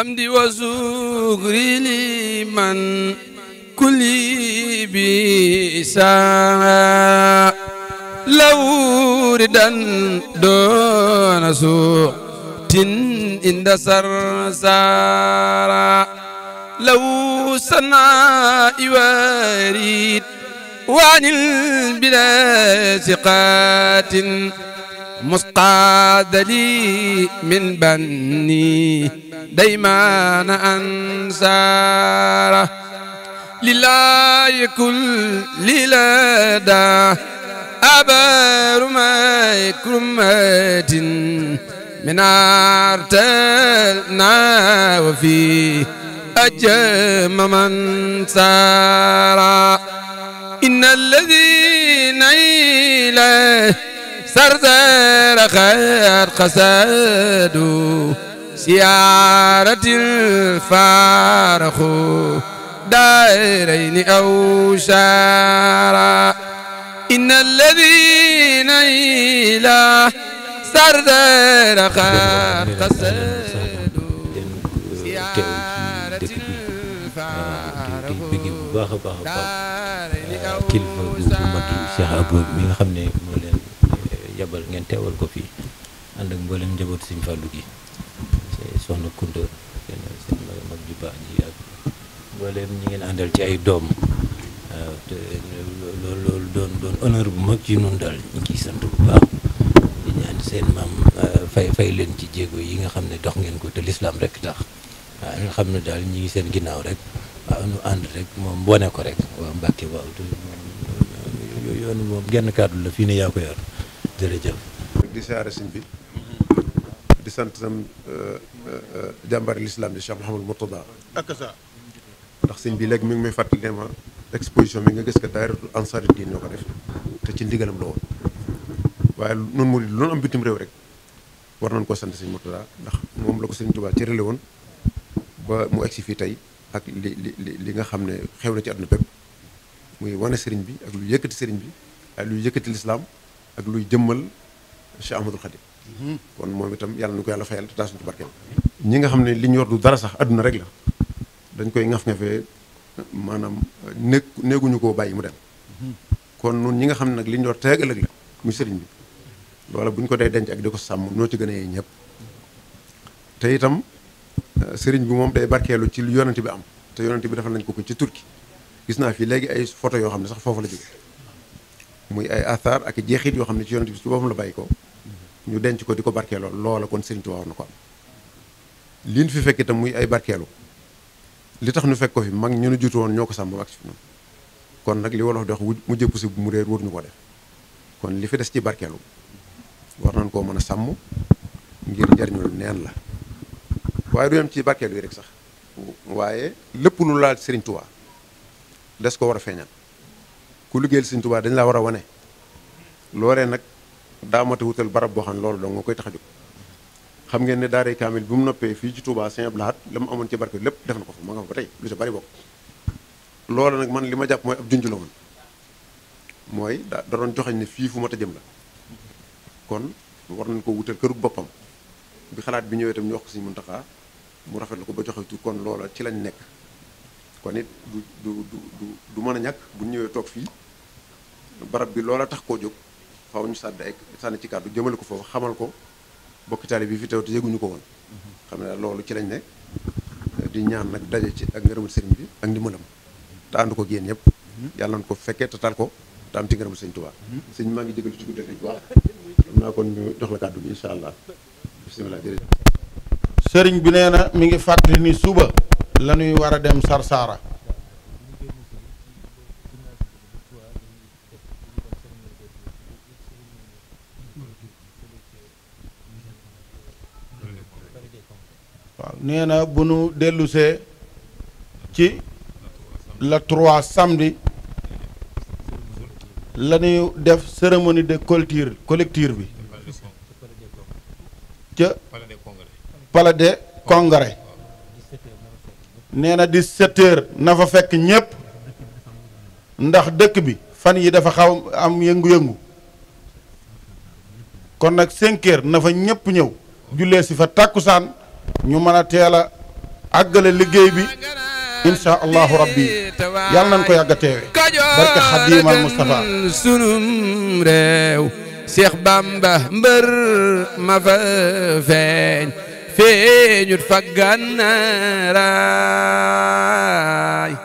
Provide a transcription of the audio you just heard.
amdi wa sukri liman kulli bi saa lawridan doona suutin inda sarsaara law sanaa iwarid waanil bila siqaatin مسقاد لي من بني ديمان أنساره لله كل للدى أبر ما كرمات من أرتلنا وفي أجم من سارا إن الذين إليه سردار خير قساد سيارة الفارخ دائرين أو شارا إن الذين إلى سردار خير قساد baax a baax a baax kilifa bu mag yi Cheikh Abou mi nga xam ne moo leen yabal ngeen teewal ko fii ànd ak mboolem njaboot Sëñ Fàllu gi soxna Kunta seen mag ju baax ji ak mboolem ñi ngeen àndal ci ay doom waaw euh, te loolu doon doon honneur bu mag ci nun daal ñu ciy sant bu baax di ñaan seen euh, fay fay leen ci jéego yi nga xam ne dox ngeen ko te lislaam rek tax waaw nga xam ne daal ñi ngi seen ginnaaw rek waaw ñu ànd rek moom wane ko rek waaw Mbàkke waaw yoon moom genn kàddu la fii ne yaa ko yor jërëjëf. di siyaare sëñ bi. di sant sam euh, euh, jàmbari lislaam di Cheikh Mouhamadou Mourtada. ak ndax sëñ bi léegi mu ngi may fàttali ne exposition bi nga gis ko daayiratul ansaari diin ñoo ko def te ci ndigalam la woon waaye noonu mu lu am bitim réew rek war nañ koo sant sëñ Mourtada ndax moom la ko sëñ Tuubaa cërale woon ba mu egsi fii tey ak li li li nga xam ne xew na ci àdduna bépp muy wane sëriñ bi ak lu yëkkati sëriñ bi ak lu yëkkati lislaam ak luy jëmmal Cheikh Ahmadul Khadim mhm. kon moom itam yàlla nu ko yàlla fayal te taas ñu ñi nga xam ne li ñu yor du dara sax àdduna rek la dañ koy ŋaf-ŋafee maanaam néeg néeguñu koo bàyyi mu dem mhm. kon nun ñi nga xam ne nag li ñu yor teeg ëllëg la mu sëriñ bi loola bu ñu ko dee denc ak di ko sàmm noo ci gën a yee ñëpp te itam euh, sëriñ bi moom day barkeelu ci lu yonent bi am te yonent bi defal nañ ko ko ci turki gis naa fii léegi ay photo yoo xam ne sax foofu la jóge muy ay athar ak jeexit yoo xam ne ci yonent bi ci boppam la bàyyi ko ñu denc ko di ko barkeeloo loola kon Sëriñ Tuubaa war na ko am liin fi fekk itam muy ay barkeelu li tax nu fekk ko fi mag ñu nu jiitu woon ñoo ko sàmm ak ci kon nag li wolof di wax mu jëpp si mu réer wóor ñu ko def kon li fi des ci barkeelu war nañ koo mën a sàmm ngir njariñul neen la waaye du yem ci barkeelu yi rek sax waaye lépp lu laal Sëriñ Tuubaa des ko war a feeñal ku liggéeyal Sëñ Tuubaa dañ laa war a wane loolee nag daa mata wutal barab boo xam ne loolu dong nga koy tax a jóg xam ngeen ne daaray kaamil bi mu noppee fii ci Touba Saint Blaat la mu amoon ci barke lépp def na ko fa ma nga fa ba tey lu ci bari bokk loolu nag man li ma jàpp mooy ab junj la woon mooy da doon joxañ ne fii fu mat a la kon war nañ ko wutal kërug boppam bi xalaat bi ñëwee itam ñu wax ko Sëñ Muntaxa mu rafet la ko ba joxe tur kon loola ci lañ nekk kon it du du du mën a ñàkk bu ñëwee toog fii barab bi a tax koo jóg faw ñu sàdd ay sànni ci kàddu jëmale ko foofu xamal ko bokki taali bi fi teew te yëguñu ko woon. xam ne loolu ci lañ ne di ñaan nag daje ci ak ngërëmul sëriñ bi ak ndimbalam te ànd ko génn yëpp. yàlla ko fekkee te tal ko te ci ngërëmul sëñ Tuubaa. sëñ maa ngi jégalu ci guddi gi waaw. naa kon ñu la kàddu bi incha allah bisimilah jërëjëf. sëriñ bi nee na mi ngi fàttali ni suba. la ñuy war a dem Sarsara waaw nee na bu nu dellusee ci le 3 samedi la def cérémonie de culture collective bi ca palais des nee na 17h na fa fekk ñépp ndax dëkk bi fan yi dafa xaw am yëngu-yëngu kon nag 5h na fa ñépp ñëw jullee si fa tàkkusaan ñu mën a teel a àggale liggéey bi insha allahu rabbi yàlla nañ ko yàgg a teewe barke xadiimal Mustafa sunum réew Seex Bamba mbër ma fa feeñ feeñut fa gànnaaraay